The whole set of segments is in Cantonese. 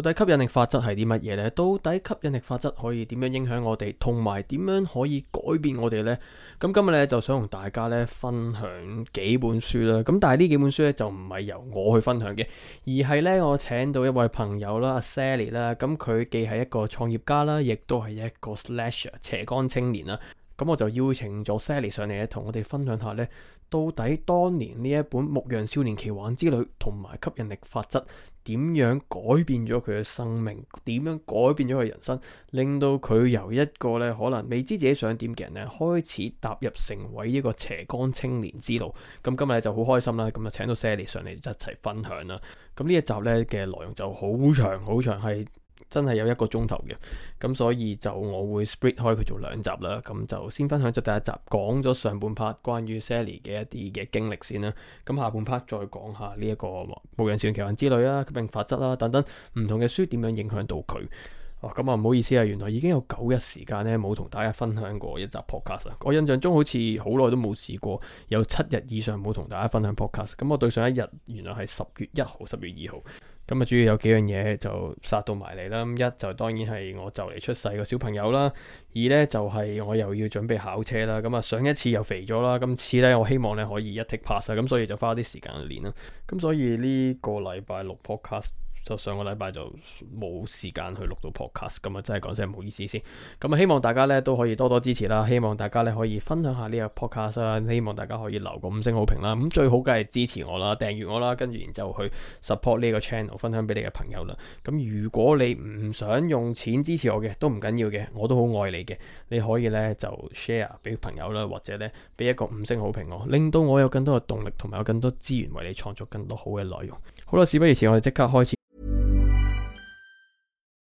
到底吸引力法則係啲乜嘢呢？到底吸引力法則可以點樣影響我哋，同埋點樣可以改變我哋呢？咁今日咧就想同大家咧分享幾本書啦。咁但係呢幾本書咧就唔係由我去分享嘅，而係咧我請到一位朋友啦，Sally 啦。咁佢既係一個創業家啦，亦都係一個 slasher 斜槓青年啦。咁我就邀請咗 Sally 上嚟咧，同我哋分享下咧。到底當年呢一本《牧羊少年奇幻之旅》同埋吸引力法則，點樣改變咗佢嘅生命？點樣改變咗佢人生？令到佢由一個咧可能未知自己想點嘅人咧，開始踏入成為一個斜槓青年之路。咁今日就好開心啦！咁就請到 Sally 上嚟一齊分享啦。咁呢一集咧嘅內容就好長，好長係。真係有一個鐘頭嘅咁，所以就我會 split 開佢做兩集啦。咁就先分享咗第一集，講咗上半 part 關於 Sally 嘅一啲嘅經歷先啦。咁下半 part 再講下呢一個牧羊少年奇幻之旅啊、吸引力法則啦，等等唔同嘅書點樣影響到佢。哦，咁啊唔好意思啊，原來已經有九日時間咧冇同大家分享過一集 podcast，我印象中好似好耐都冇試過有七日以上冇同大家分享 podcast。咁我對上一日原來係十月一號、十月二號。咁啊，主要有幾樣嘢就殺到埋嚟啦。咁一就當然係我就嚟出世個小朋友啦。二呢就係我又要準備考車啦。咁啊上一次又肥咗啦。今次呢，我希望你可以一 take pass。咁所以就花啲時間去練啦。咁所以呢個禮拜六 podcast。就上個禮拜就冇時間去錄到 podcast，咁啊真係講聲唔好意思先。咁啊希望大家咧都可以多多支持啦，希望大家咧可以分享下呢個 podcast 啦，希望大家可以留個五星好評啦。咁最好梗係支持我啦，訂閱我啦，跟住然就去 support 呢個 channel，分享俾你嘅朋友啦。咁如果你唔想用錢支持我嘅，都唔緊要嘅，我都好愛你嘅。你可以咧就 share 俾朋友啦，或者咧俾一個五星好評我，令到我有更多嘅動力同埋有更多資源為你創造更多好嘅內容。好啦，事不宜遲，我哋即刻開始。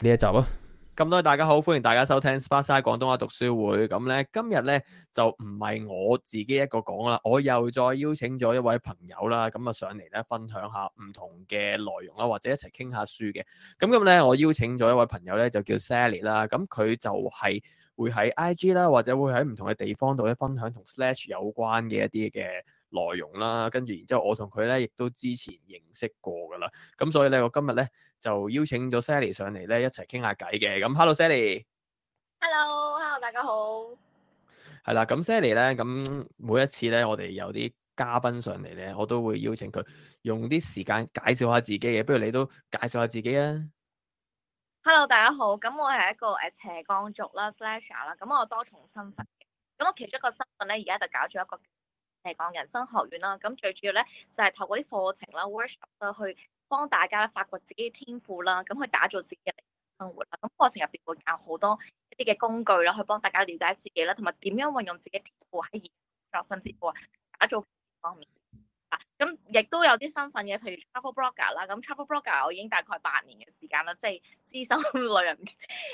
呢一集啊！咁多位，大家好，歡迎大家收聽《Sparksine 廣東話讀書會》。咁咧，今日咧就唔係我自己一個講啦，我又再邀請咗一位朋友啦，咁啊上嚟咧分享下唔同嘅內容啦，或者一齊傾下書嘅。咁咁咧，我邀請咗一位朋友咧，就叫 Sally 啦。咁佢就係會喺 IG 啦，或者會喺唔同嘅地方度咧，分享同 Slash 有關嘅一啲嘅。內容啦，跟住然之後我同佢咧，亦都之前認識過噶啦，咁所以咧，我今日咧就邀請咗 Sally 上嚟咧，一齊傾下偈嘅。咁，Hello，Sally。Hello，Hello，Hello，大家好。係啦，咁 Sally 咧，咁每一次咧，我哋有啲嘉賓上嚟咧，我都會邀請佢用啲時間介紹下自己嘅。不如你都介紹下自己啊。Hello，大家好。咁我係一個誒斜槓族啦，Slasher 啦。咁我多重身份嘅。咁我其中一個身份咧，而家就搞咗一個。係講人生學院啦，咁最主要咧就係透過啲課程啦、workshop 啦， 去幫大家發掘自己嘅天賦啦，咁去打造自己嘅生活啦。咁課程入邊會教好多一啲嘅工具啦，去幫大家了解自己啦，同埋點樣運用自己天賦喺工作甚至乎打造方面。嗱，咁亦都有啲身份嘅，譬如 travel blogger 啦，咁 travel blogger 我已經大概八年嘅時間啦，即、就、係、是、資深旅人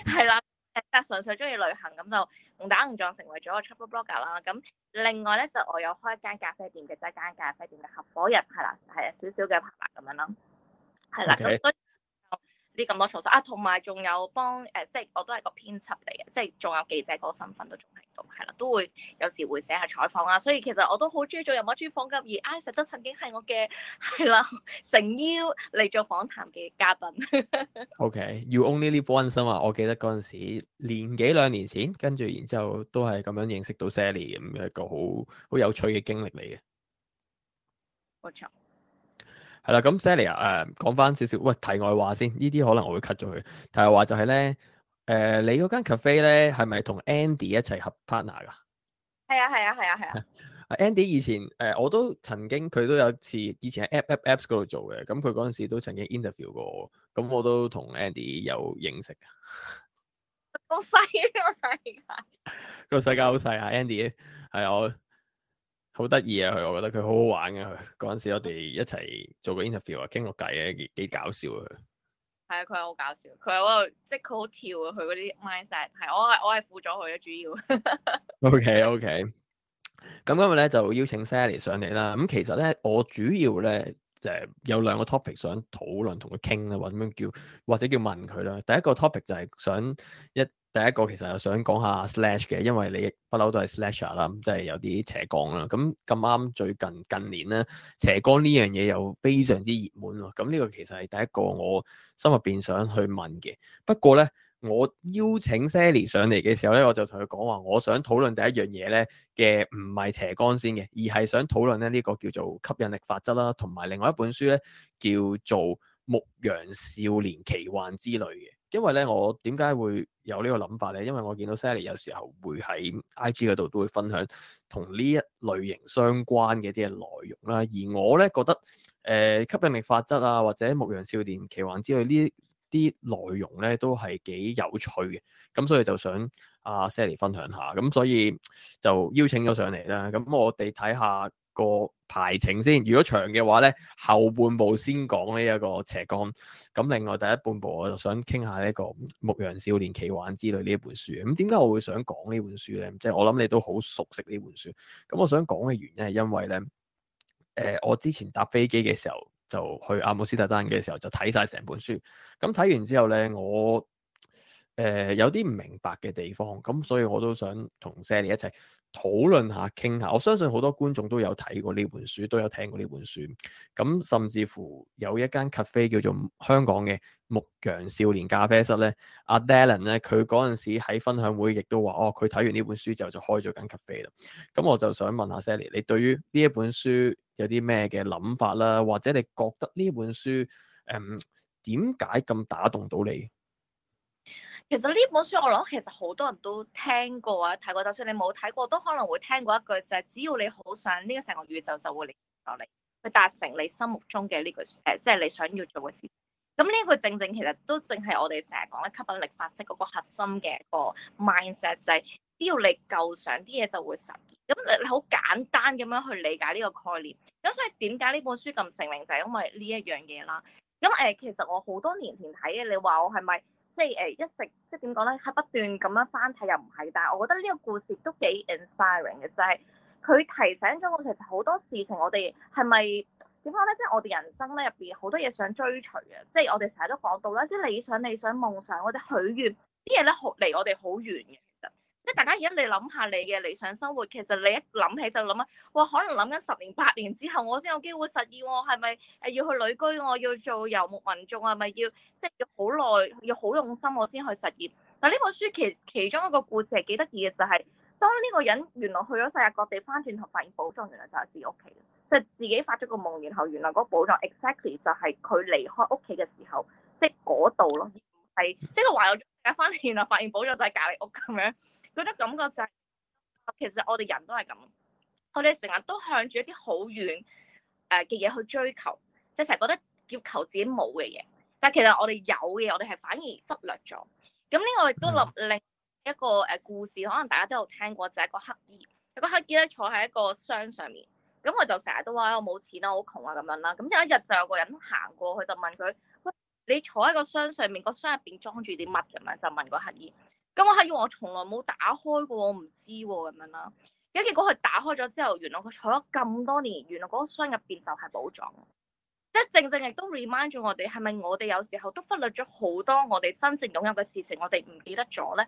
係啦。 誒，但純粹中意旅行咁就誤打誤撞成為咗個 travel blogger 啦。咁另外咧就我有開一間咖啡店嘅，即係間咖啡店嘅合夥人係啦，係少少嘅 partner 咁樣咯。係啦，咁 Okay. 啲咁多措施啊，同埋仲有幫誒，即係我都係個編輯嚟嘅，即係仲有記者嗰個身份都仲喺度，係啦，都會有時會寫下採訪啦。所以其實我都好中意做，任何專訪，而 Isa 都曾經係我嘅係啦，誠邀嚟做訪談嘅嘉賓。 OK，you only live once，我記得嗰陣時年幾兩年前，跟住然之後都係咁樣認識到 Sally，咁一個好好有趣嘅經歷嚟嘅。冇錯。係啦，咁 Sally 誒講翻少少，喂題外話先，呢啲可能我會 cut 咗佢。題外話就係咧，誒、呃、你嗰間 cafe 咧係咪同 Andy 一齊合 partner 㗎？係啊，係啊，係啊，係啊。 Andy 以前誒、呃、我都曾經，佢都有次以前喺 App Apps Apps 嗰度做嘅，咁佢嗰陣時都曾經 interview 過我，咁我都同 Andy 有認識。好 細 個世界，啊，個世界好細啊！Andy 係我，好得意啊佢，我覺得佢好好玩嘅，佢嗰陣時，我哋一齊做個 interview 啊，傾個偈咧幾搞笑啊！係啊，佢好搞笑，佢嗰度，即係佢好跳啊，佢嗰啲 mindset 係我係我係輔佐佢啊，主要。OK，OK，咁今日咧就邀請 Sally 上嚟啦。咁其實咧，我主要咧誒、就係、有兩個 topic 想討論同佢傾啦，或者叫或者叫問佢啦。第一個 topic 就係想一。第一個其實我想講下 slash 嘅，因為你不嬲都係 slash 啦，咁即係有啲斜槓啦。咁咁啱最近近年咧斜槓呢樣嘢又非常之熱門咯。咁呢個其實係第一個我心入邊想去問嘅。不過咧我邀請 Sally 上嚟嘅時候咧，我就同佢講話，我想討論第一樣嘢咧嘅唔係斜槓先嘅，而係想討論咧呢個叫做吸引力法則啦，同埋另外一本書咧叫做《牧羊少年奇幻之旅》嘅。因為咧，我點解會有呢個諗法咧？因為我見到 Sally 有時候會喺 IG 嗰度都會分享同呢一類型相關嘅啲嘅內容啦。而我咧覺得誒、呃、吸引力法則啊，或者牧羊少年奇幻之旅呢啲內容咧都係幾有趣嘅。咁所以就想阿 Sally 分享下，咁所以就邀請咗上嚟啦。咁我哋睇下。個排程先，如果長嘅話咧，後半部先講呢一個斜槓。咁另外第一半部，我就想傾下呢、這、一個《牧羊少年奇幻之旅》呢一本書。咁點解我會想講呢本書咧？即、就、係、是、我諗你都好熟悉呢本書。咁我想講嘅原因係因為咧，誒、呃、我之前搭飛機嘅時候就去阿姆斯特丹嘅時候就睇晒成本書。咁睇完之後咧，我。誒、呃，有啲唔明白嘅地方，咁所以我都想同 Sally 一齊討論下、傾下。我相信好多觀眾都有睇過呢本書，都有聽過呢本書。咁甚至乎有一間 cafe 叫做香港嘅牧羊少年咖啡室咧，阿 Dylan 咧，佢嗰陣時喺分享會亦都話，哦，佢睇完呢本書之後就開咗間 cafe 啦。咁我就想問下 Sally，你對於呢一本書有啲咩嘅諗法啦？或者你覺得呢本書，誒、嗯，點解咁打動到你？其實呢本書我諗，其實好多人都聽過啊，睇過，就算你冇睇過，都可能會聽過一句就係，只要你好想呢個，成個宇宙就會嚟到你，去達成你心目中嘅呢句，誒，即係你想要做嘅事。咁呢句正正其實都正係我哋成日講嘅吸引力法則嗰個核心嘅個 mindset 就係，只要你夠想，啲嘢就會實現。咁你你好簡單咁樣去理解呢個概念。咁所以點解呢本書咁成名就係因為呢一樣嘢啦。咁誒，其實我好多年前睇嘅，你話我係咪？即係誒，一直即係點講咧，係、就是、不斷咁樣翻睇又唔係，但係我覺得呢個故事都幾 inspiring 嘅，就係、是、佢提醒咗我，其實好多事情我哋係咪點講咧？即係、就是、我哋人生咧入邊好多嘢想追隨嘅，即、就、係、是、我哋成日都講到啦，啲、就是、理想、理想、夢想或者許願啲嘢咧，好離我哋好遠嘅。即係大家而家你諗下你嘅理想生活，其實你一諗起就諗啊，哇，可能諗緊十年八年之後我先有機會實現我係咪？誒，要去旅居，我要做游牧民眾啊，咪要即係、就是、要好耐，要好用心我先去實現。但係呢本書其其中一個故事係幾得意嘅，就係、是、當呢個人原來去咗世界各地，翻轉頭發現寶藏原來就係自己屋企，即、就、係、是、自己發咗個夢，然後原來嗰寶藏 exactly 就係佢離開屋企嘅時候，即係嗰度咯，係即係話我翻嚟，原來發現寶藏就係隔籬屋咁樣。 覺得感覺就係、是，其實我哋人都係咁，我哋成日都向住一啲好遠誒嘅嘢去追求，即係成日覺得要求自己冇嘅嘢，但係其實我哋有嘅，我哋係反而忽略咗。咁呢個亦都令另一個誒故事，可能大家都有聽過，就係、是、一個乞丐，個乞兒咧坐喺一個箱上面，咁我就成日都話我冇錢我啊，好窮啊咁樣啦。咁有一日就有個人行過，去，就問佢：你坐喺個箱上面，個箱入邊裝住啲乜？咁樣就問個乞兒。咁我係以為我從來冇打開過，我唔知喎、啊，咁樣啦。而家結果佢打開咗之後，原來佢坐咗咁多年，原來嗰個箱入邊就係寶藏，即係正正亦都 remind 咗我哋，係咪我哋有時候都忽略咗好多我哋真正擁有嘅事情，我哋唔記得咗咧？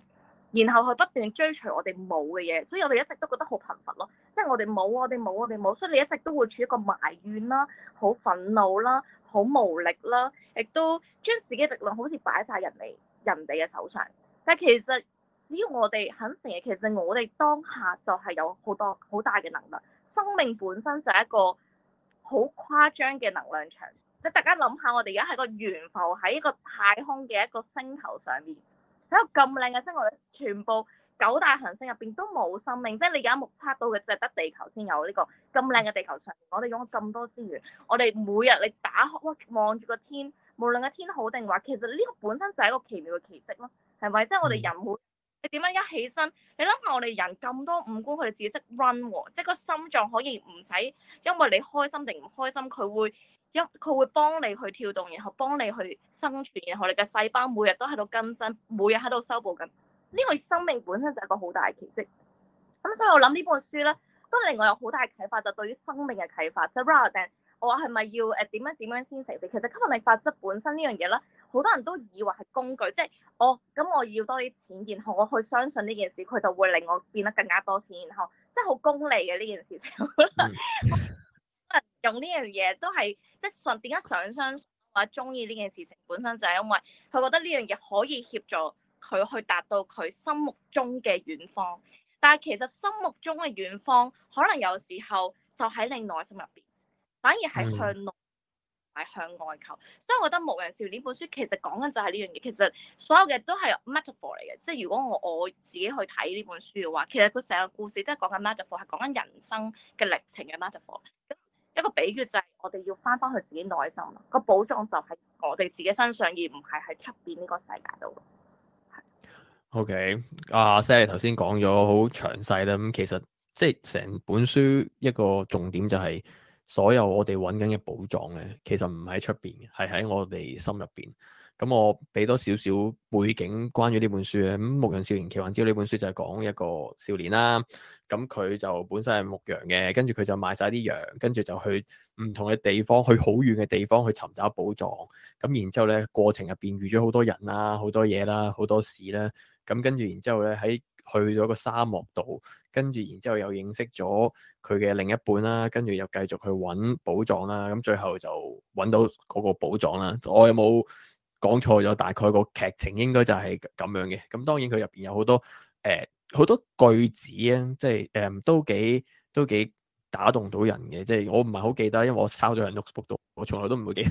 然後係不斷追隨我哋冇嘅嘢，所以我哋一直都覺得好貧乏咯。即係我哋冇，我哋冇，我哋冇，所以你一直都會處於一個埋怨啦，好憤怒啦，好無力啦，亦都將自己力量好似擺晒人哋人哋嘅手上。但其實，只要我哋肯承認，其實我哋當下就係有好多好大嘅能量。生命本身就係一個好誇張嘅能量場。即係大家諗下，我哋而家喺個懸浮喺一個太空嘅一個星球上面，喺個咁靚嘅星球，全部九大行星入邊都冇生命，即係你而家目測到嘅淨係得地球先有呢個咁靚嘅地球上面。我哋用咗咁多資源，我哋每日你打開望住個天。無論個天好定壞，其實呢個本身就係一個奇妙嘅奇蹟咯，係咪？即係、嗯、我哋人會，你點樣一起身，你諗下我哋人咁多五官，佢哋自己識 run 即係個心臟可以唔使因為你開心定唔開心，佢會一佢會幫你去跳動，然後幫你去生存，然後你嘅細胞每日都喺度更新，每日喺度修補緊，呢、呢個生命本身就係一個好大嘅奇蹟。咁所以我諗呢本書咧，都令我有好大嘅啟發，就對於生命嘅啟發，就 rather than 我係咪要誒點樣點樣先成事？其實吸引力法則本身呢樣嘢咧，好多人都以為係工具，即係我咁我要多啲錢，然後我去相信呢件事，佢就會令我變得更加多錢，然後即係好功利嘅呢件事情。 用呢樣嘢都係即係點解想相信或者中意呢件事情，本身就係因為佢覺得呢樣嘢可以協助佢去達到佢心目中嘅遠方。但係其實心目中嘅遠方，可能有時候就喺你內心入邊。反而係向內，係向外求，所以我覺得《無人笑》呢本書其實講緊就係呢樣嘢。其實所有嘅都係 metaphor 嚟嘅，即係如果我我自己去睇呢本書嘅話，其實佢成個故事都係講緊 metaphor，係講緊人生嘅歷程嘅 metaphor。咁一個比喻就係我哋要翻返去自己內心咯，個寶藏就喺我哋自己身上，而唔係喺出邊呢個世界度。O K. 阿 Sally 頭先講咗好詳細啦。咁其實即係成本書一個重點就係、是。所有我哋揾緊嘅寶藏咧，其實唔喺出邊嘅，係喺我哋心入邊。咁我俾多少少背景關於呢本書咧，《牧羊少年奇幻之旅》呢本書就係講一個少年啦。咁佢就本身係牧羊嘅，跟住佢就賣晒啲羊，跟住就去唔同嘅地方，去好遠嘅地方去尋找寶藏。咁然之後咧，過程入邊遇咗好多人啦、好多嘢啦、好多事啦。咁跟住然之後咧喺。去咗個沙漠度，跟住然之後又認識咗佢嘅另一半啦，跟住又繼續去揾寶藏啦，咁最後就揾到嗰個寶藏啦。我有冇講錯咗？大概個劇情應該就係咁樣嘅。咁當然佢入邊有好多誒，好多句子啊，即係誒都幾都幾，都幾打動到人嘅，即係我唔係好記得，因為我抄咗喺 Notebook 度，我從來都唔會記得。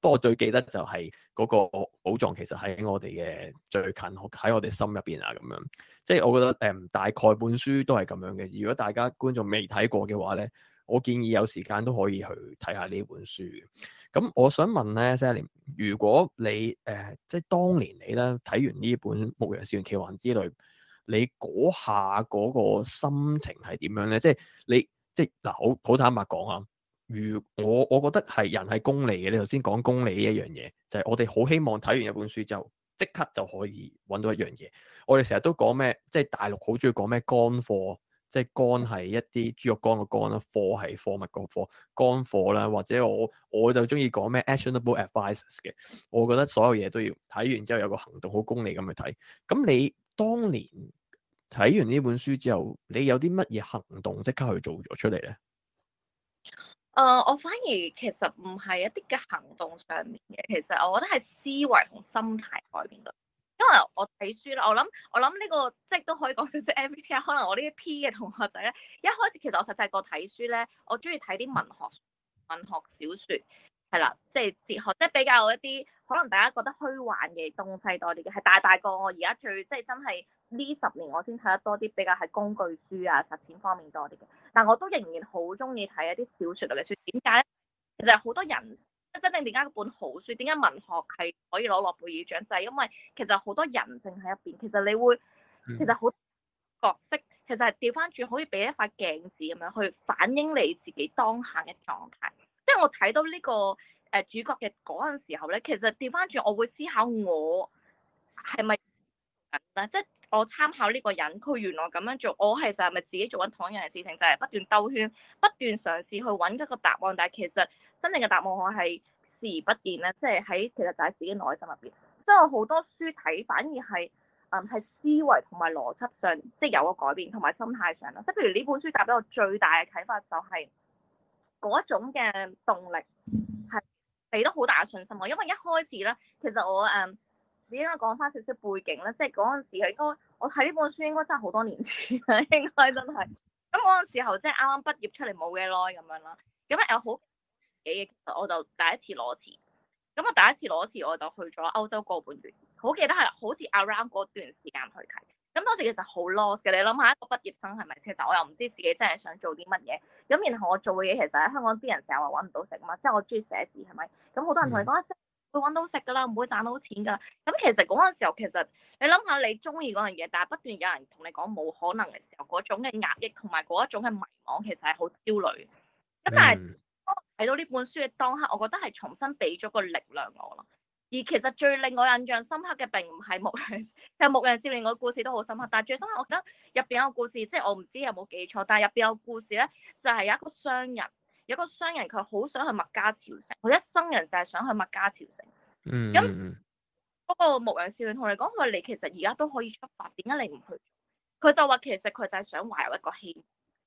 不過我最記得就係嗰個寶藏其實喺我哋嘅最近，喺我哋心入邊啊咁樣。即係我覺得誒、嗯，大概本書都係咁樣嘅。如果大家觀眾未睇過嘅話咧，我建議有時間都可以去睇下呢本書。咁我想問咧，即係你，Sally，如果你誒、呃，即係當年你咧睇完呢本《牧羊少年奇幻之旅》，你嗰下嗰個心情係點樣咧？即係你。即係嗱，好好坦白講啊，如我我覺得係人係功利嘅，你頭先講功利一樣嘢，就係我哋好希望睇完一本書之後即刻就可以揾到一樣嘢。我哋成日都講咩，即係大陸好中意講咩乾貨，即係乾係一啲豬肉乾嘅乾啦，貨係貨物個貨，乾貨啦，或者我我就中意講咩 actionable advice 嘅。我覺得所有嘢都要睇完之後有個行動，好功利咁去睇。咁你當年？睇完呢本書之後，你有啲乜嘢行動即刻去做咗出嚟咧？誒、呃，我反而其實唔係一啲嘅行動上面嘅，其實我覺得係思維同心態改變咯。因為我睇書啦，我諗我諗呢、這個即係都可以講到即 MBA 可能我呢一 P 嘅同學仔咧，一開始其實我細細個睇書咧，我中意睇啲文學文學小說，係啦，即係哲學，即係比較一啲可能大家覺得虛幻嘅東西多啲嘅。係大大個我而家最即係真係。呢十年我先睇得多啲比較係工具書啊實踐方面多啲嘅，但我都仍然好中意睇一啲小說類嘅書。點解咧？其實好多人即係真正點解嗰本好書，點解文學係可以攞諾貝爾獎，就係因為其實好多人性喺入邊。其實你會，其實好角色，其實係調翻轉可以俾一塊鏡子咁樣去反映你自己當下嘅狀態。即係我睇到呢個誒主角嘅嗰陣時候咧，其實調翻轉我會思考我係咪咧？即係。我參考呢個人，佢原來咁樣做，我係就係咪自己做緊同樣嘅事情，就係不斷兜圈，不斷嘗試去揾一個答案，但係其實真正嘅答案我係視而不見咧，即係喺其實就喺自己內心入邊。所以我好多書睇反而係，嗯，係思維同埋邏輯上即係有個改變，同埋心態上啦。即係譬如呢本書帶俾我最大嘅啟發就係嗰一種嘅動力係俾得好大嘅信心我，因為一開始咧，其實我誒。你應該講翻少少背景啦。即係嗰陣時係應該，我睇呢本書應該真係好多年前啦，應該真係。咁嗰陣時候即係啱啱畢業出嚟冇幾耐咁樣啦，咁啊有好幾嘢，其實我就第一次攞錢。咁啊第一次攞錢，我就去咗歐洲個半月，好記得係好似 around 嗰段時間去睇。咁當時其實好 lost 嘅，你諗下一個畢業生係咪？其實我又唔知自己真係想做啲乜嘢。咁然後我做嘅嘢其實喺香港啲人成日話揾唔到食啊嘛，即係我中意寫字係咪？咁好多人同你講會搵到食噶啦，唔會賺到錢噶。咁其實嗰陣時候，其實你諗下你中意嗰樣嘢，但係不斷有人同你講冇可能嘅時候，嗰種嘅壓抑同埋嗰一種嘅迷惘，其實係好焦慮。咁但係睇到呢本書嘅當刻，我覺得係重新俾咗個力量我咯。而其實最令我印象深刻嘅，並唔係牧羊，其實牧羊少年個故事都好深刻。但係最深刻，我覺得入邊有個故事，即係我唔知有冇記錯，但係入邊有個故事咧，就係有一個商人。有一個商人，佢好想去麥加朝聖，佢一生人就係想去麥加朝聖。嗯，咁嗰個牧羊少年同你講，佢話，你其實而家都可以出發，點解你唔去？佢就話其實佢就係想懷有一個希望，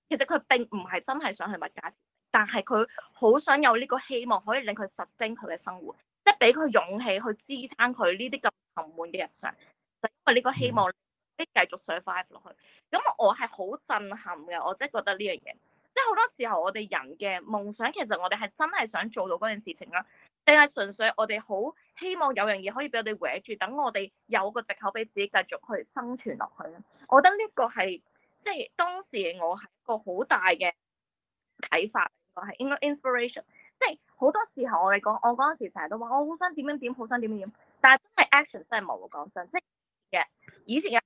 其實佢並唔係真係想去麥加朝聖，但係佢好想有呢個希望，可以令佢實踐佢嘅生活，即係俾佢勇氣去支撐佢呢啲咁沉悶嘅日常，就因為呢個希望可以繼續 survive 落去。咁、嗯、我係好震撼嘅，我真係覺得呢樣嘢。即係好多時候，我哋人嘅夢想其實我哋係真係想做到嗰件事情啦，定係純粹我哋好希望有樣嘢可以俾我哋握住，等我哋有個藉口俾自己繼續去生存落去咧？我覺得呢個係即係當時我係一個好大嘅啟發，應該係應該 inspiration。即係好多時候我哋講我嗰陣時成日都話我好想點樣點，好想點樣點，但係真係 action 真係冇。講真，即係嘅以前嘅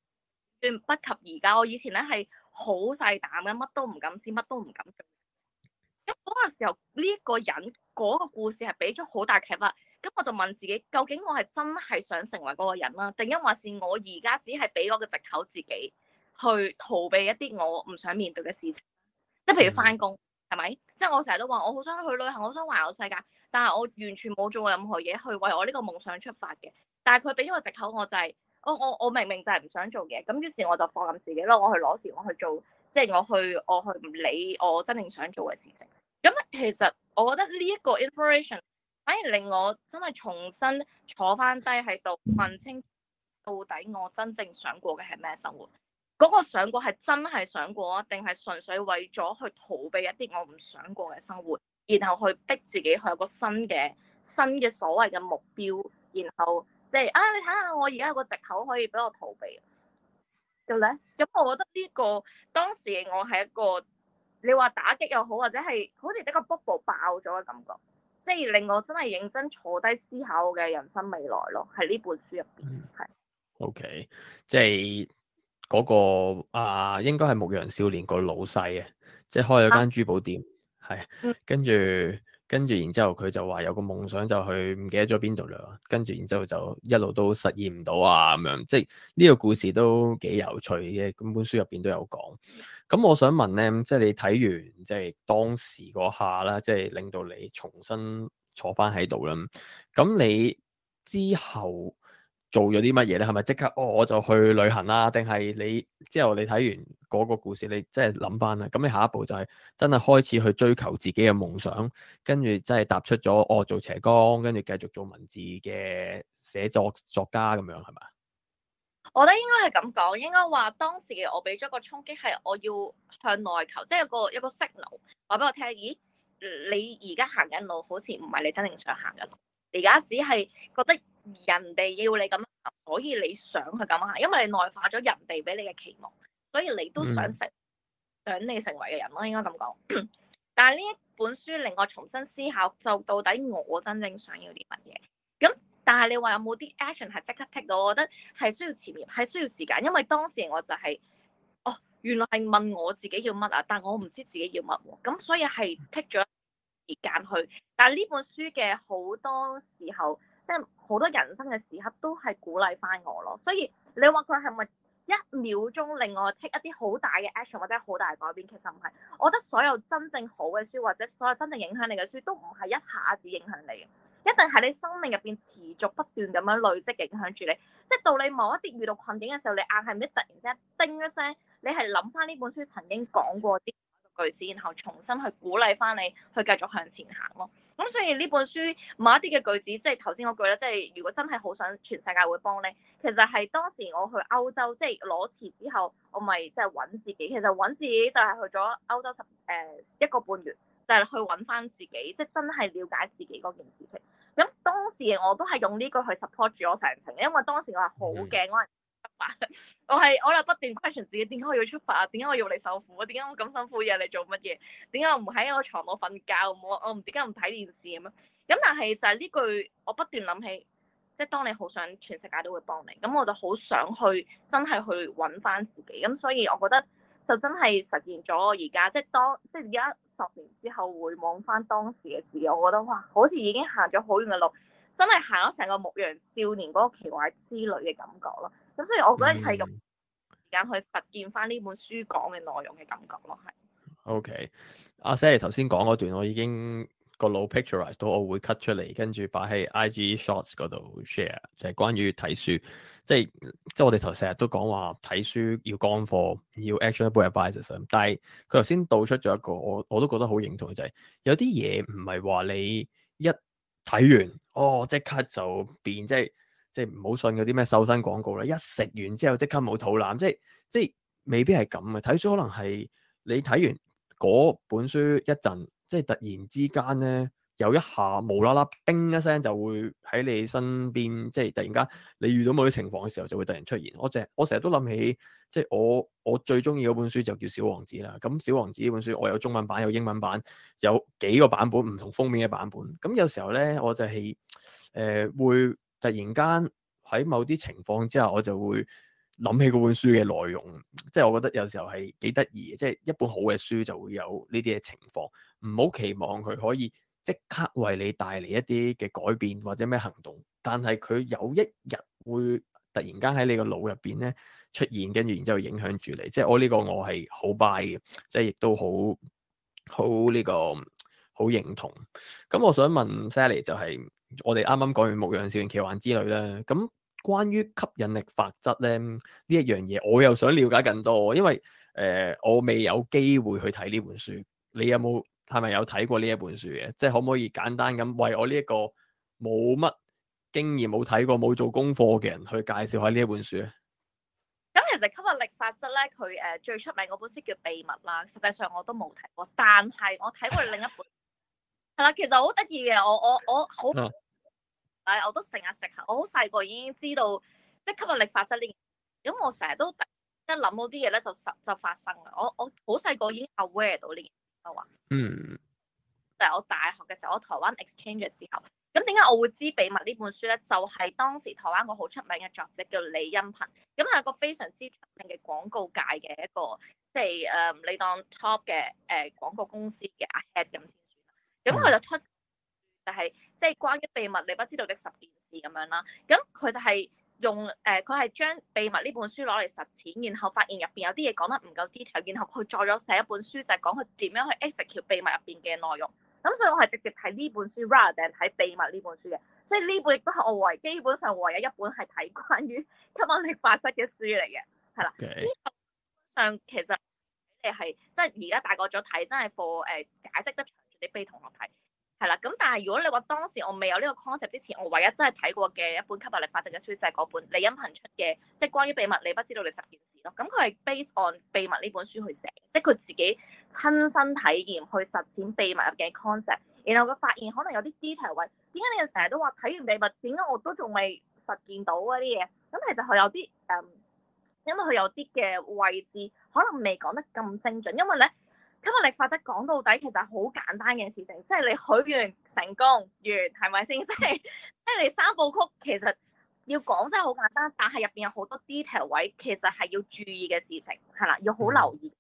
算不及而家。我以前咧係。好細膽嘅，乜都唔敢試，乜都唔敢做。咁嗰個時候，呢一個人嗰個故事係俾咗好大劇目。咁我就問自己，究竟我係真係想成為嗰個人啦，定因為是我而家只係俾咗個藉口自己去逃避一啲我唔想面對嘅事情。即係譬如翻工，係咪？即係我成日都話我好想去旅行，我想環遊世界，但係我完全冇做過任何嘢去為我呢個夢想出發嘅。但係佢俾咗個藉口，我就係。我我我明明就係唔想做嘢，咁於是我就放任自己咯，我去攞事，我去做，即係我去，我去唔理我真正想做嘅事情。咁其實我覺得呢一個 inspiration 反而令我真係重新坐翻低喺度問清，到底我真正想過嘅係咩生活？嗰個想過係真係想過啊，定係純粹為咗去逃避一啲我唔想過嘅生活，然後去逼自己去有個新嘅新嘅所謂嘅目標，然後。即係、就是、啊！你睇下我而家有個藉口可以俾我逃避。又咧？咁我覺得呢、這個當時我係一個，你話打擊又好，或者係好似啲個 bubble 爆咗嘅感覺，即、就、係、是、令我真係認真坐低思考我嘅人生未來咯。喺呢本書入邊，係。OK，即係嗰個啊、呃，應該係牧羊少年個老細啊，即、就、係、是、開咗間珠寶店，係、啊嗯、跟住。跟住，然之後佢就話有個夢想，就去唔記得咗邊度啦。跟住，然之後就一路都實現唔到啊咁樣。即係呢個故事都幾有趣嘅，咁本書入邊都有講。咁我想問咧，即係你睇完，即係當時嗰下啦，即係令到你重新坐翻喺度啦。咁你之後做咗啲乜嘢咧？係咪即刻哦，我就去旅行啦？定係你之後你睇完？嗰個故事，你真係諗翻啦。咁你下一步就係真係開始去追求自己嘅夢想，跟住真係踏出咗哦，做斜槓，跟住繼續做文字嘅寫作作家咁樣，係咪？我覺得應該係咁講，應該話當時我俾咗個衝擊係，我要向內求，即係個一個 signal 話俾我聽。咦，你而家行緊路好似唔係你真正想行嘅路，而家只係覺得人哋要你咁，所以你想去咁行，因為你內化咗人哋俾你嘅期望。所以你都想成想你成為嘅人咯，應該咁講。但係呢一本書令我重新思考，就到底我真正想要啲乜嘢。咁但係你話有冇啲 action 係即刻 take 到？我覺得係需要潛入，係需要時間。因為當時我就係、是、哦，原來係問我自己要乜啊，但我唔知自己要乜。咁所以係 take 咗時間去。但係呢本書嘅好多時候，即係好多人生嘅時刻都係鼓勵翻我咯。所以你話佢係咪？一秒鐘令我 take 一啲好大嘅 action 或者好大改變，其實唔係。我覺得所有真正好嘅書或者所有真正影響你嘅書，都唔係一下子影響你嘅，一定係你生命入邊持續不斷咁樣累積影響住你。即係到你某一啲遇到困境嘅時候，你硬係唔知突然之間叮一聲，你係諗翻呢本書曾經講過啲句子，然後重新去鼓勵翻你去繼續向前行咯。咁所以呢本書某一啲嘅句子，即係頭先嗰句咧，即係如果真係好想全世界會幫你，其實係當時我去歐洲，即係攞錢之後，我咪即係揾自己。其實揾自己就係去咗歐洲十誒、呃、一個半月，就係去揾翻自己，即係真係了解自己嗰件事情。咁當時我都係用呢句去 support 住我成程，因為當時我係好驚，我、mm hmm. 我係我就不斷 question 自己，點解我要出發啊？點解我要嚟受苦啊？點解我咁辛苦日日嚟做乜嘢？點解我唔喺我床度瞓覺？我我唔點解唔睇電視咁樣咁？但係就係呢句，我不斷諗起，即係當你好想全世界都會幫你，咁我就好想去真係去搵翻自己。咁所以我覺得就真係實現咗我而家，即係當即係而家十年之後回望翻當時嘅自己，我覺得哇，好似已經行咗好遠嘅路，真係行咗成個牧羊少年嗰個奇幻之旅嘅感覺咯。咁所以，我覺得係用時間去實踐翻呢本書講嘅內容嘅感覺咯，係、嗯。OK.，阿 Sally 頭先講嗰段，我已經個腦 pictureize 到，我會 cut 出嚟，跟住擺喺 I G shorts 嗰度 share，就係關於睇書，即係即係我哋頭成日都講話睇書要乾貨，要 actionable advice 咁。但係佢頭先道出咗一個我我都覺得好認同嘅就係，有啲嘢唔係話你一睇完，哦即刻就變，即係。即係唔好信嗰啲咩瘦身廣告啦！一食完之後即刻冇肚腩，即係即係未必係咁嘅。睇書可能係你睇完嗰本書一陣，即係突然之間咧，有一下無啦啦「叮」一聲就會喺你身邊，即係突然間你遇到某啲情況嘅時候就會突然出現。我成我成日都諗起，即係我我最中意嗰本書就叫小王子啦。咁小王子呢本書我有中文版，有英文版，有幾個版本唔同封面嘅版本。咁有時候咧，我就係、是、誒、呃、會。突然間喺某啲情況之下，我就會諗起嗰本書嘅內容，即係我覺得有時候係幾得意嘅，即係一本好嘅書就會有呢啲嘅情況。唔好期望佢可以即刻為你帶嚟一啲嘅改變或者咩行動，但係佢有一日會突然間喺你個腦入邊咧出現，跟住然之後影響住你。即係我呢個我係好 buy 嘅，即係亦都好好呢個好認同。咁我想問 Sally 就係、是。我哋啱啱講完《牧羊少年奇幻之旅》咧，咁關於吸引力法則咧呢一樣嘢，我又想了解更多，因為誒、呃、我未有機會去睇呢本書，你有冇係咪有睇過呢一本書嘅？即係可唔可以簡單咁為我呢一個冇乜經驗、冇睇過、冇做功課嘅人去介紹下呢一本書咧？咁其實吸引力法則咧，佢誒最出名嗰本書叫《秘密》啦。實際上我都冇睇過，但係我睇過另一本，係啦。其實好得意嘅，我我我好。 唉，我都成日食客，我好細個已經知道，即係吸引力法則呢，咁我成日都一諗到啲嘢咧，就實就發生嘅。我我好細個已經 aware 到呢件嘢啊。我嗯，就係我大學嘅時候，我台灣 exchange 嘅時候，咁點解我會知《秘密》呢本書咧？就係、是、當時台灣個好出名嘅作者叫李欣頻，咁係個非常之出名嘅廣告界嘅一個，即係誒，你、uh, 當 top 嘅誒廣告公司嘅阿 head 咁先算。咁佢就出，嗯就係即係關於秘密你不知道嘅十件事咁樣啦、啊，咁佢就係用誒佢係將秘密呢本書攞嚟實踐，然後發現入邊有啲嘢講得唔夠 detail，然後佢再咗寫一本書就係講佢點樣去 execute 秘密入邊嘅內容。咁所以我係直接睇呢本書 rather than 睇秘密呢本書嘅，所以呢本亦都係我唯基本上唯有一本係睇關於吸引力法則嘅書嚟嘅，係啦。上 Okay.、嗯、其實你係即係而家大個咗睇，真係課誒解釋得長啲俾同學睇。係啦，咁但係如果你話當時我未有呢個 concept 之前，我唯一真係睇過嘅一本吸引力法則嘅書就係、是、嗰本李欣頻出嘅，即、就、係、是、關於秘密你不知道你十件事咯。咁、嗯、佢係 base on 秘密呢本書去寫，即係佢自己親身體驗去實踐秘密入嘅 concept，然後佢發現可能有啲 detail 位，點解你成日都話睇完秘密，點解我都仲未實見到嗰啲嘢？咁、嗯、其實佢有啲誒、嗯，因為佢有啲嘅位置可能未講得咁精準，因為咧。吸引力法則講到底，其實好簡單嘅事情，即、就、係、是、你許願成功完，係咪先？即係即係你三部曲，其實要講真係好簡單，但係入邊有好多 detail 位，其實係要注意嘅事情，係啦，要好留意。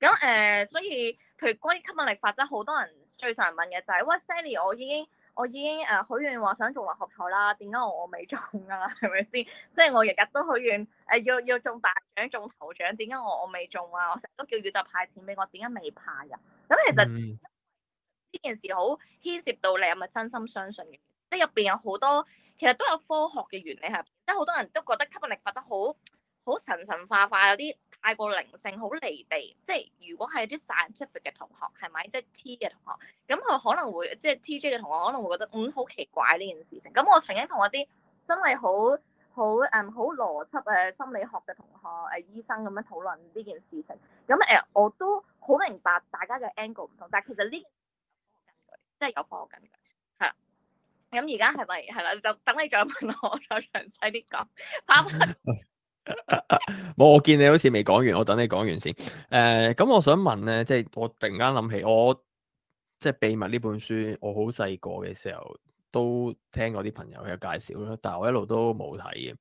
咁誒、嗯呃，所以譬如關於吸引力法則，好多人最常問嘅就係、是，喂 Sally 我已經。我已經誒許願話想做六合彩啦，點解我未中啊？係咪先？所以我日日都許願誒、呃，要要中大獎，中頭獎，點解我我未中啊？我成日都叫宇宙派錢俾我，點解未派呀？咁其實呢件事好牽涉到你係咪真心相信嘅？即係入邊有好多，其實都有科學嘅原理係，即係好多人都覺得吸引力法則好好神神化化，有啲。太過靈性，好離地，即係如果係啲 scientific 嘅同學，係咪即係 T 嘅同學，咁佢可能會即係 TJ 嘅同學可能會覺得，嗯，好奇怪呢件事情。咁我曾經同我啲真係好好嗯、um, 好邏輯誒心理學嘅同學誒、啊、醫生咁樣討論呢件事情。咁誒，uh, 我都好明白大家嘅 angle 唔同，但係其實呢，即係有科學根據，係啦。咁而家係咪係啦？就等你再問我，我再詳細啲講。 冇， 我見你好似未講完，我等你講完先。誒、呃，咁我想問咧，即係我突然間諗起，我即係秘密呢本書，我好細個嘅時候都聽過啲朋友嘅介紹啦，但係我一路都冇睇嘅。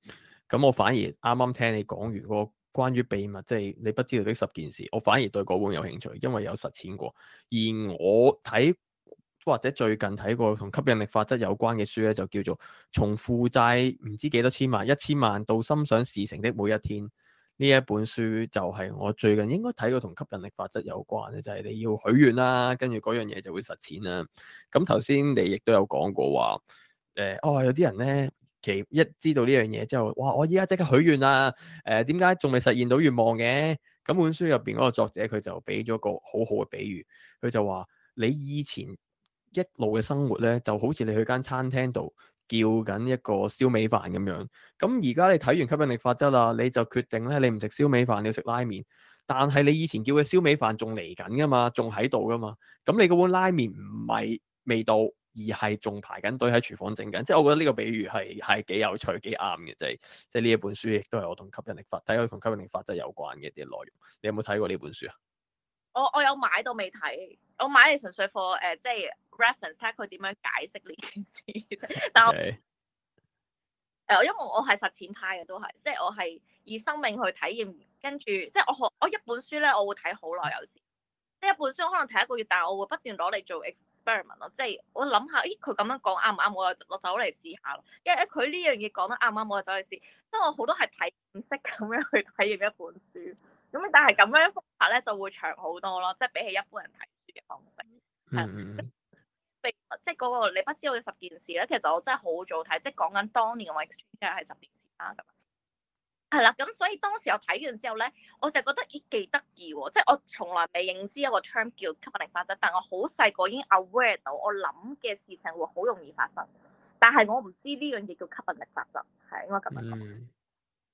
咁我反而啱啱聽你講完嗰，關於秘密，即係你不知道的十件事，我反而對嗰本有興趣，因為有實踐過，而我睇。或者最近睇過同吸引力法則有關嘅書咧，就叫做《從負債唔知幾多千萬一千萬到心想事成的每一天》呢一本書，就係我最近應該睇過同吸引力法則有關嘅，就係、是、你要許願啦，跟住嗰樣嘢就會實踐啦、啊。咁頭先你亦都有講過話，誒、呃，哦，有啲人咧，其一知道呢樣嘢之後，哇，我依家即刻許願啦，誒、呃，點解仲未實現到願望嘅？咁本書入邊嗰個作者佢就俾咗個好好嘅比喻，佢就話你以前。一路嘅生活咧，就好似你去間餐廳度叫緊一個燒味飯咁樣。咁而家你睇完吸引力法則喇，你就決定咧，你唔食燒味飯，你要食拉麵。但係你以前叫嘅燒味飯仲嚟緊㗎嘛，仲喺度㗎嘛。咁你嗰碗拉麵唔係未到，而係仲排緊隊喺廚房整緊。即係我覺得呢個比喻係係幾有趣、幾啱嘅，即係即係呢一本書亦都係我同吸引力法，睇佢同吸引力法則有關嘅啲內容。你有冇睇過呢本書啊？我我有買到未睇，我買嚟純粹貨誒，即、呃、係。就是 reference 睇佢點樣解釋呢件事啫， 但係我誒，Okay. 因為我係實踐派嘅都係，即係我係以生命去體驗，跟住即係我學我一本書咧，我會睇好耐，有時即係一本書我可能睇一個月，但係我會不斷攞嚟做 experiment 咯，即係我諗下，咦佢咁樣講啱唔啱？我我走嚟試下，因為佢呢樣嘢講得啱唔啱？我就走去試，所以我好多係體驗式咁樣去體驗一本書。咁但係咁樣方法咧就會長好多咯，即係比起一般人睇書嘅方式，嗯、mm hmm. 即係嗰個你不知道嘅十件事咧，其實我真係好早睇，即係講緊當年我 exchange 係十年前啦，咁係啦，咁所以當時我睇完之後咧，我就係覺得咦，幾得意喎，即係我從來未認知一個 term 叫吸引力法則，但我好細個已經 aware 到我諗嘅事情會好容易發生，但係我唔知呢樣嘢叫吸引力法則，係應該咁樣講。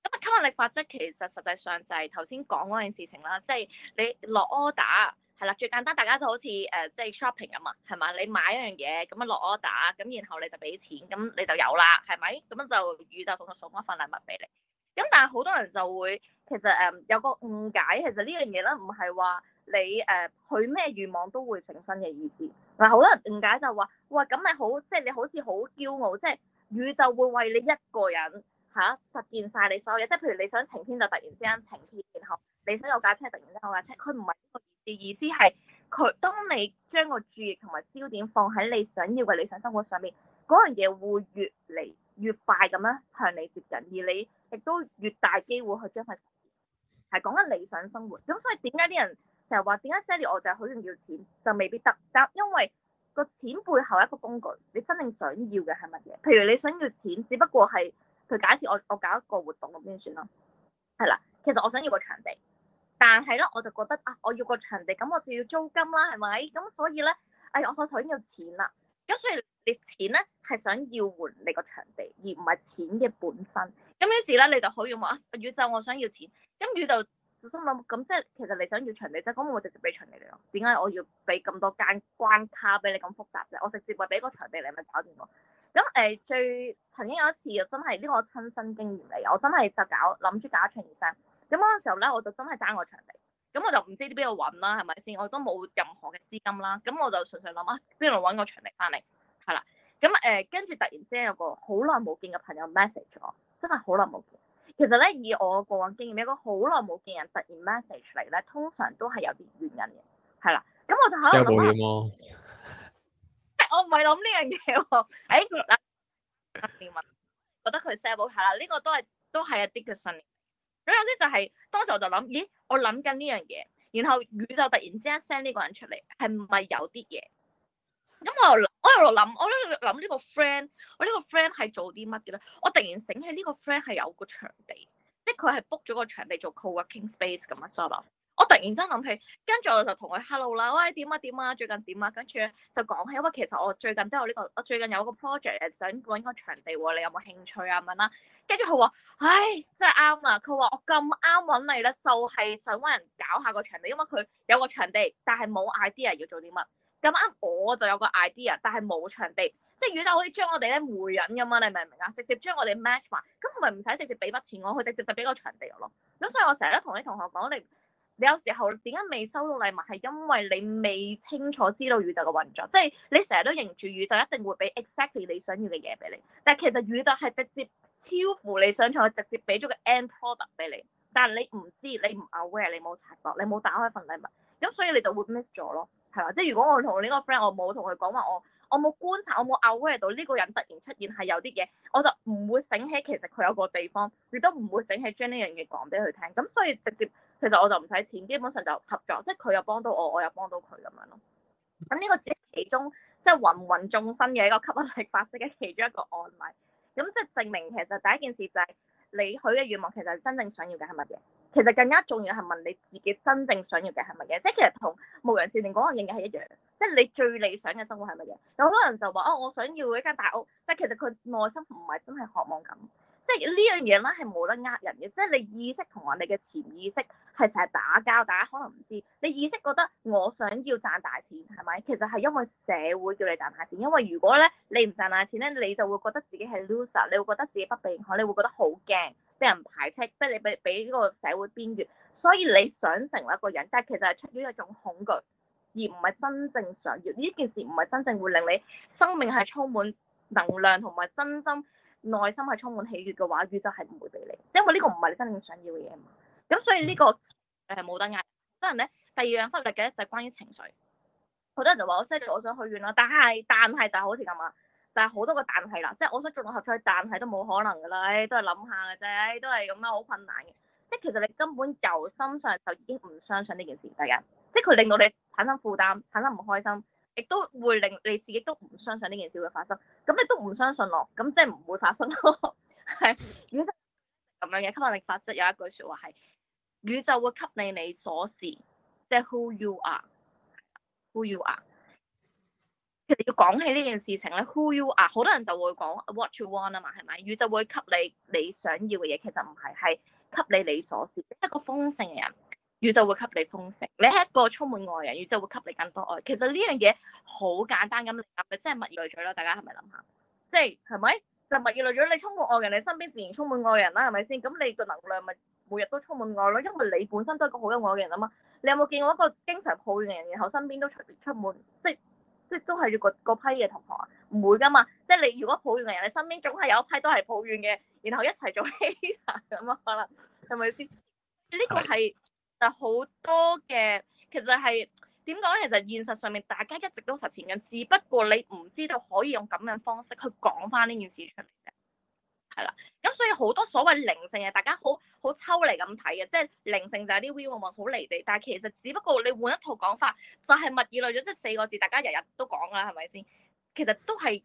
咁、嗯、吸引力法則其實實際上就係頭先講嗰件事情啦，即係你落 order。係啦，最簡單，大家就好似誒，即係 shopping 咁嘛，係嘛？你買一樣嘢，咁樣落 order，咁然後你就俾錢，咁你就有啦，係咪？咁樣就宇宙送咗送咗份禮物俾你。咁但係好多人就會其實誒、呃、有個誤解，其實呢樣嘢咧唔係話你誒許咩願望都會成真嘅意思。嗱，好多人誤解就話、是，哇，咁、就是、你好，即係你好似好驕傲，即、就、係、是、宇宙會為你一個人嚇、啊、實現晒你所有嘢，即係譬如你想晴天就突然之間晴天，然後。你想有架車，突然間有架車，佢唔係呢個意思，意思係佢當你將個注意同埋焦點放喺你想要嘅理想生活上面，嗰樣嘢會越嚟越快咁樣向你接近，而你亦都越大機會去將佢實現。係講緊理想生活，咁所以點解啲人成日話，點解 Sally 我就係好中意要錢，就未必得，得因為個錢背後一個工具，你真正想要嘅係乜嘢？譬如你想要錢，只不過係佢假設我我搞一個活動咁點算啦？係啦，其實我想要個場地。但係咧，我就覺得啊，我要個場地，咁我就要租金啦，係咪？咁所以咧，哎，我首先要錢啦。咁所以你錢咧係想要換你個場地，而唔係錢嘅本身。咁於是咧，你就好要話宇宙我想要錢。咁宇宙就心諗，咁即係其實你想要場地即係咁，我直接俾場地你咯。點解我要俾咁多間關卡俾你咁複雜啫？我直接話俾個場地你咪搞掂咯。咁誒、呃，最曾經有一次又真係呢個親身經驗嚟，我真係就搞諗住搞一場 event。咁嗰個時候咧，我就真係爭個場地，咁我就唔知啲邊度揾啦，係咪先？我都冇任何嘅資金啦，咁我就純粹諗啊，邊度揾個場地翻嚟？係啦，咁誒，跟、呃、住突然之間有個好耐冇見嘅朋友 message 咗。真係好耐冇見。其實咧，以我過往經驗，一個好耐冇見人突然 message 嚟咧，通常都係有啲原因嘅。係啦，咁我就可能諗、欸、我唔係諗呢樣嘢喎。誒、哎，覺得佢 sell 保險係啦，呢、呢個都係都係一啲嘅信念。所以有啲就係，當時我就諗，咦，我諗緊呢樣嘢，然後宇宙突然之間 send 呢個人出嚟，係唔係有啲嘢？咁我又，我又諗，我諗諗呢個 friend，我呢個 friend 係做啲乜嘅咧？我突然醒起呢個 friend 係有個場地，即係佢係 book 咗個場地做 co-working space 咁啊，so lah。Sort of. 我突然間諗起，跟住我就同佢 hello 啦、哎。喂，點啊點啊，最近點啊？跟住就講起，喂，其實我最近都有呢個，我最近有個 project 誒，想搵個場地喎。你有冇興趣啊？咁樣啦，跟住佢話，唉，真係啱啦。佢話我咁啱搵你咧，就係、是、想搵人搞下個場地，因為佢有個場地，但係冇 idea 要做啲乜。咁啱我就有個 idea，但係冇場地，即係如果可以將我哋咧 match 咁啊，你明唔明啊？直接將我哋 match 埋，咁佢咪唔使直接俾筆錢我，佢直接就俾個場地我咯。咁所以我成日都同啲同學講，你。你有時候點解未收到禮物，係因為你未清楚知道宇宙嘅運作，即係你成日都認住宇宙，一定會俾 exactly 你想要嘅嘢俾你。但係其實宇宙係直接超乎你想像，直接俾咗個 end product 俾你，但係你唔知，你唔 aware，你冇察覺，你冇打開份禮物，咁所以你就會 miss 咗咯，係嘛？即係如果我同呢個 friend，我冇同佢講話我。我冇觀察，我冇 aware 到呢個人突然出現係有啲嘢，我就唔會醒起其實佢有個地方，亦都唔會醒起將呢樣嘢講俾佢聽。咁所以直接其實我就唔使錢，基本上就合作，即係佢又幫到我，我又幫到佢咁樣咯。咁呢個只係其中即係芸芸眾生嘅一個吸引力法則嘅其中一個案例。咁即係證明其實第一件事就係、是。你許嘅願望其實真正想要嘅係乜嘢？其實更加重要係問你自己真正想要嘅係乜嘢？即係其實同牧羊少年嗰個認嘅係一樣，即係你最理想嘅生活係乜嘢？有好多人就話：哦，我想要一間大屋，但其實佢內心唔係真係渴望咁。即係呢樣嘢咧，係冇得呃人嘅。即係你意識同我哋嘅潛意識係成日打交。大家可能唔知，你意識覺得我想要賺大錢，係咪？其實係因為社會叫你賺大錢。因為如果咧你唔賺大錢咧，你就會覺得自己係 loser，你會覺得自己不被認可，你會覺得好驚，俾人排斥，俾你俾俾呢個社會邊緣。所以你想成為一個人，但係其實係出於一種恐懼，而唔係真正想要呢件事，唔係真正會令你生命係充滿能量同埋真心。內心係充滿喜悅嘅話，宇宙係唔會俾你，因為呢個唔係你真正想要嘅嘢嘛。咁所以呢、呢個係冇得嗌。啲人咧第二樣忽略嘅就係關於情緒，好多人就話我犀利，我想去遠啦，但係但係就係好似咁啊，就係、係、好多個、就係、但係啦、哎，即係我想盡量合出去，但係都冇可能㗎啦，誒都係諗下嘅啫，都係咁啦，好困難嘅。即係其實你根本由心上就已經唔相信呢件事，大家，即係佢令到你產生負擔，產生唔開心。亦都會令你自己都唔相信呢件事會發生，咁你都唔相信咯，咁即係唔會發生咯，係宇宙咁樣嘅吸引力法則有一句說話，係宇宙會給你你所是，即係 who you are，who you are。其實要講起呢件事情咧，who you are，好多人就會講 what you want 啊嘛，係咪？宇宙會給你你想要嘅嘢，其實唔係，係給你你所是，就是、一個豐盛嘅人。宇宙會給你豐盛，你係一個充滿愛人，宇宙會給你更多愛。其實呢樣嘢好簡單咁，即係物以類聚咯。大家係咪諗下？即係係咪就物以類聚？你充滿愛人，你身邊自然充滿愛人啦，係咪先？咁你個能量咪每日都充滿愛咯，因為你本身都係一個好有愛嘅人啊嘛。你有冇見過一個經常抱怨嘅人，然後身邊都出出滿即即都係個個批嘅同學啊？唔會噶嘛，即係你如果抱怨嘅人，你身邊總係有一批都係抱怨嘅，然後一齊做欺凌咁啊可能係咪先？呢、這個係。但好多嘅，其實係點講咧？其實現實上面大家一直都實踐緊，只不過你唔知道可以用咁樣方式去講翻呢件事出嚟啫。係啦。咁所以好多所謂靈性嘅，大家好好抽離咁睇嘅，即係靈性就係啲 view 好離地。但係其實只不過你換一套講法，就係、是、物以類聚，即係四個字，大家日日都講啦，係咪先？其實都係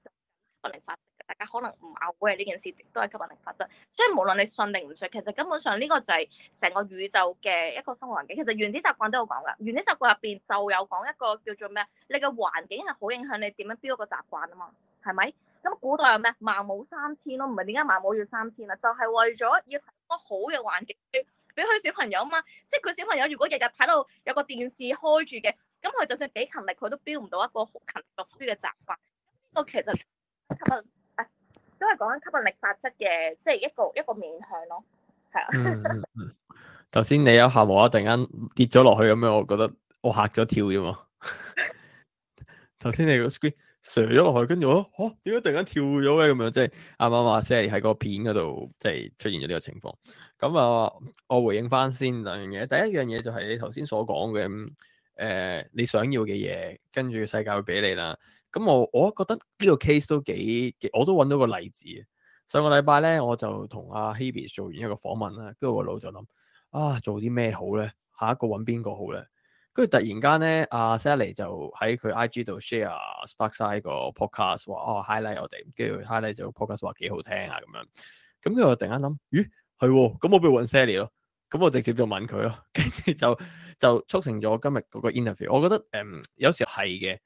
不靈不。大家可能唔拗嘅呢件事，都係吸引力法則。所以無論你信定唔信，其實根本上呢個就係成個宇宙嘅一個生活環境。其實原子習慣都有講噶，原子習慣入邊就有講一個叫做咩，你嘅環境係好影響你點樣標一個習慣啊嘛，係咪？咁古代有咩？孟冇三千孟母三遷咯，啊，唔係點解孟冇要三千孟母要三遷啦，啊？就係、是、為咗要一個好嘅環境俾佢小朋友啊嘛。即係佢小朋友如果日日睇到有個電視開住嘅，咁佢就算幾勤力，佢都標唔到一個勤讀書嘅習慣。呢個其實其實。都係講緊吸引力法則嘅，即、就、係、是、一個一個面向咯，係啊。頭 先、嗯、你有下無啦，我突然間跌咗落去咁樣，我覺得我嚇咗跳啫嘛。 頭先你個 screen 垂咗落去，跟住我嚇點解突然間跳咗嘅咁樣，即係啱啱話即係喺個片嗰度即係出現咗呢個情況。咁啊，我回應翻先兩樣嘢。第一樣嘢就係你頭先所講嘅，誒、呃、你想要嘅嘢，跟住世界會俾你啦。咁我我覺得呢個 case 都幾，幾我都揾到個例子。上個禮拜咧，我就同阿 Hebe 做完一個訪問啦，跟住我腦就諗，啊做啲咩好咧？下一個揾邊個好咧？跟住突然間咧，阿、啊、Sally 就喺佢 IG 度 share Sparksine 個 podcast，話哦、啊、highlight 我哋，跟住 highlight 就 podcast 話幾好聽啊咁樣。咁跟住我突然間諗，咦係喎，咁我不如揾 Sally 咯，咁我直接就問佢咯，跟住就就促成咗今日嗰個 interview。我覺得誒、嗯、有時係嘅。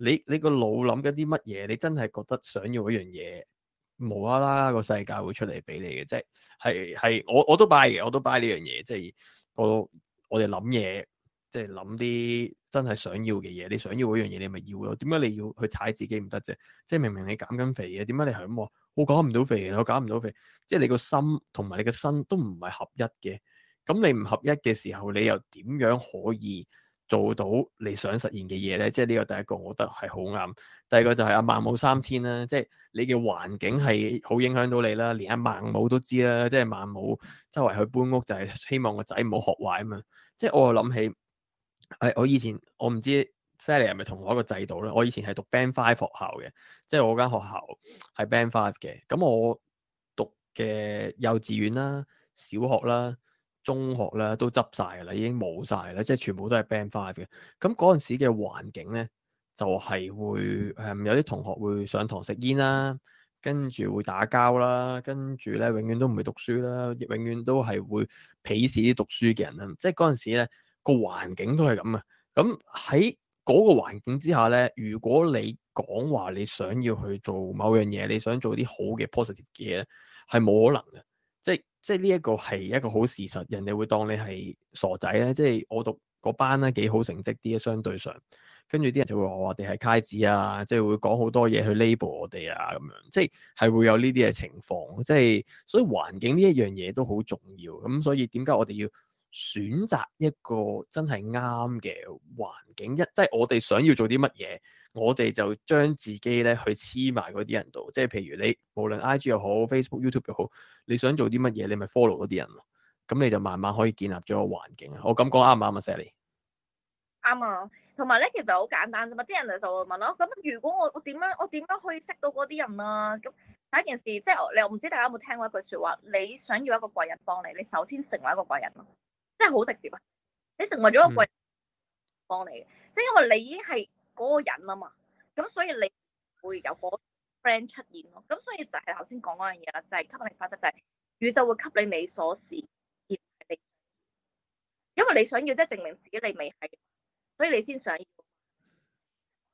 你你個腦諗緊啲乜嘢？你真係覺得想要嗰樣嘢，無啦啦個世界會出嚟俾你嘅？即係係我我都 buy 嘅，我都 buy 呢樣嘢。即係我我哋諗嘢，即係諗啲真係想要嘅嘢。你想要嗰樣嘢，你咪要咯。點解你要去踩自己唔得啫？即係明明你減緊肥嘅，點解你係咁話我減唔到肥？我減唔到肥。即係你個心同埋你個身都唔係合一嘅。咁你唔合一嘅時候，你又點樣可以做到你想實現嘅嘢咧，即係呢個第一個，我覺得係好啱。第二個就係阿孟母三遷啦，即係你嘅環境係好影響到你啦。連阿孟母都知啦，即係孟母周圍去搬屋就係希望個仔唔好學壞啊嘛。即係我又諗起，係、哎、我以前我唔知 Sally 係咪同我一個制度咧。我以前係讀 Band Five 學校嘅，即係我間學校係 Band Five 嘅。咁我讀嘅幼稚園啦、小學啦。中學咧都執晒噶啦已經冇晒啦，即係全部都係 Band Five 嘅。咁嗰陣時嘅環境咧，就係、是、會誒、嗯、有啲同學會上堂食煙啦，跟住會打交啦，跟住咧永遠都唔會讀書啦，永遠都係會鄙視啲讀書嘅人啦。即係嗰陣時咧個環境都係咁啊。咁喺嗰個環境之下咧，如果你講話你想要去做某樣嘢，你想做啲好嘅 positive 嘅嘢咧，係冇可能嘅。即係呢一個係一個好事實，人哋會當你係傻仔咧，即係我讀嗰班咧幾好成績啲，相對上，跟住啲人就會話我哋係差子啊，即係會講好多嘢去 label 我哋啊，咁樣，即係係會有呢啲嘅情況，即係所以環境呢一樣嘢都好重要，咁所以點解我哋要選擇一個真係啱嘅環境？一即係我哋想要做啲乜嘢。我哋就將自己咧去黐埋嗰啲人度，即係譬如你無論 IG 又好，Facebook、YouTube 又好，你想做啲乜嘢，你咪 follow 嗰啲人咯。咁你就慢慢可以建立咗個環境啊。我咁講啱唔啱啊，Sally？啱啊，同埋咧，嗯嗯、其實好簡單啫嘛。啲人就會問我，咁如果我我點樣我點樣可以識到嗰啲人啊？咁第一件事，即係我你又唔知大家有冇聽過一句說話，你想要一個貴人幫你，你首先成為一個貴人咯，即係好直接啊！你成為咗一個貴人幫你，即係因為你已經係。嗰個人啊嘛，咁所以你會有個 friend 出現咯。咁所以就係頭先講嗰樣嘢啦，就係、是、吸引力法則，就係宇宙會吸引你你所想而你，因為你想要即係證明自己你未係，所以你先想要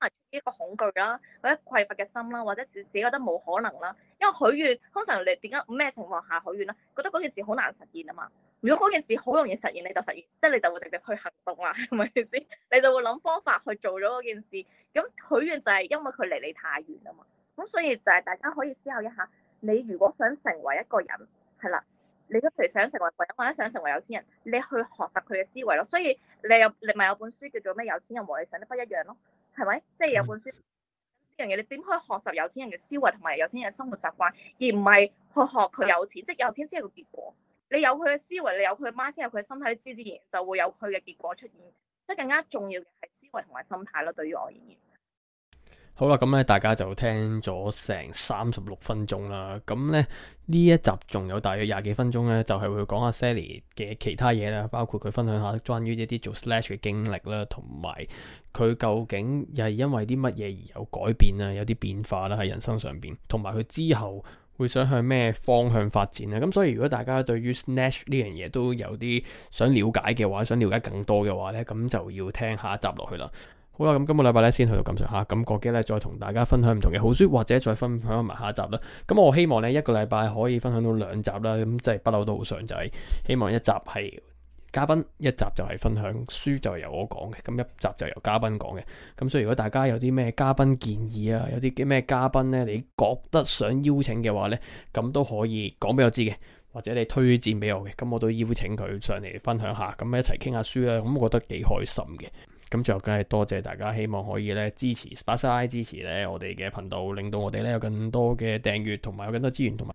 可能一個恐懼啦，或者匱乏嘅心啦，或者自己覺得冇可能啦，因為許願通常你點解咩情況下許願啦？覺得嗰件事好難實現啊嘛。如果嗰件事好容易實現，你就實現，即係你就會直接去行動啦，係咪先？你就會諗方法去做咗嗰件事。咁許願就係因為佢離你太遠啊嘛。咁所以就係大家可以思考一下，你如果想成為一個人，係啦，你都即使想成為富人或者想成為有錢人，你去學習佢嘅思維咯。所以你有你咪有本書叫做咩？有錢人和你想得不一樣咯，係咪？即係有本書呢樣嘢，你點可以學習有錢人嘅思維同埋有錢人嘅生活習慣，而唔係去學佢有錢？即係有錢即係個結果。你有佢嘅思維，你有佢嘅 mind，先有佢嘅心態，自自然然就會有佢嘅結果出現。即係更加重要嘅係思維同埋心態咯。對於我而言，好啦，咁、嗯、咧大家就聽咗成三十六分鐘啦。咁咧呢一集仲有大約廿幾分鐘咧，就係、是、會講阿 Sally 嘅其他嘢啦，包括佢分享下關於一啲做 Slash 嘅經歷啦，同埋佢究竟係因為啲乜嘢而有改變啦，有啲變化啦喺人生上邊，同埋佢之後。會想向咩方向發展咧？咁所以如果大家對於 Slash 呢樣嘢都有啲想了解嘅話，想了解更多嘅話呢，咁就要聽下一集落去啦。好啦，咁今個禮拜、啊嗯、呢，先去到咁上下。咁過幾日再同大家分享唔同嘅好書，或者再分享埋下一集啦。咁我希望呢，一個禮拜可以分享到兩集啦，咁即係不嬲都好想仔，希望一集係。嘉賓一集就係分享書，就係由我講嘅，咁一集就由嘉賓講嘅，咁所以如果大家有啲咩嘉賓建議啊，有啲咩嘉賓咧，你覺得想邀請嘅話咧，咁都可以講俾我知嘅，或者你推薦俾我嘅，咁我都邀請佢上嚟分享下，咁一齊傾下書啊，咁我覺得幾開心嘅，咁最後梗係多謝大家，希望可以咧支持 Sparksine 支持咧我哋嘅頻道，令到我哋咧有更多嘅訂閱，同埋有更多資源，同埋。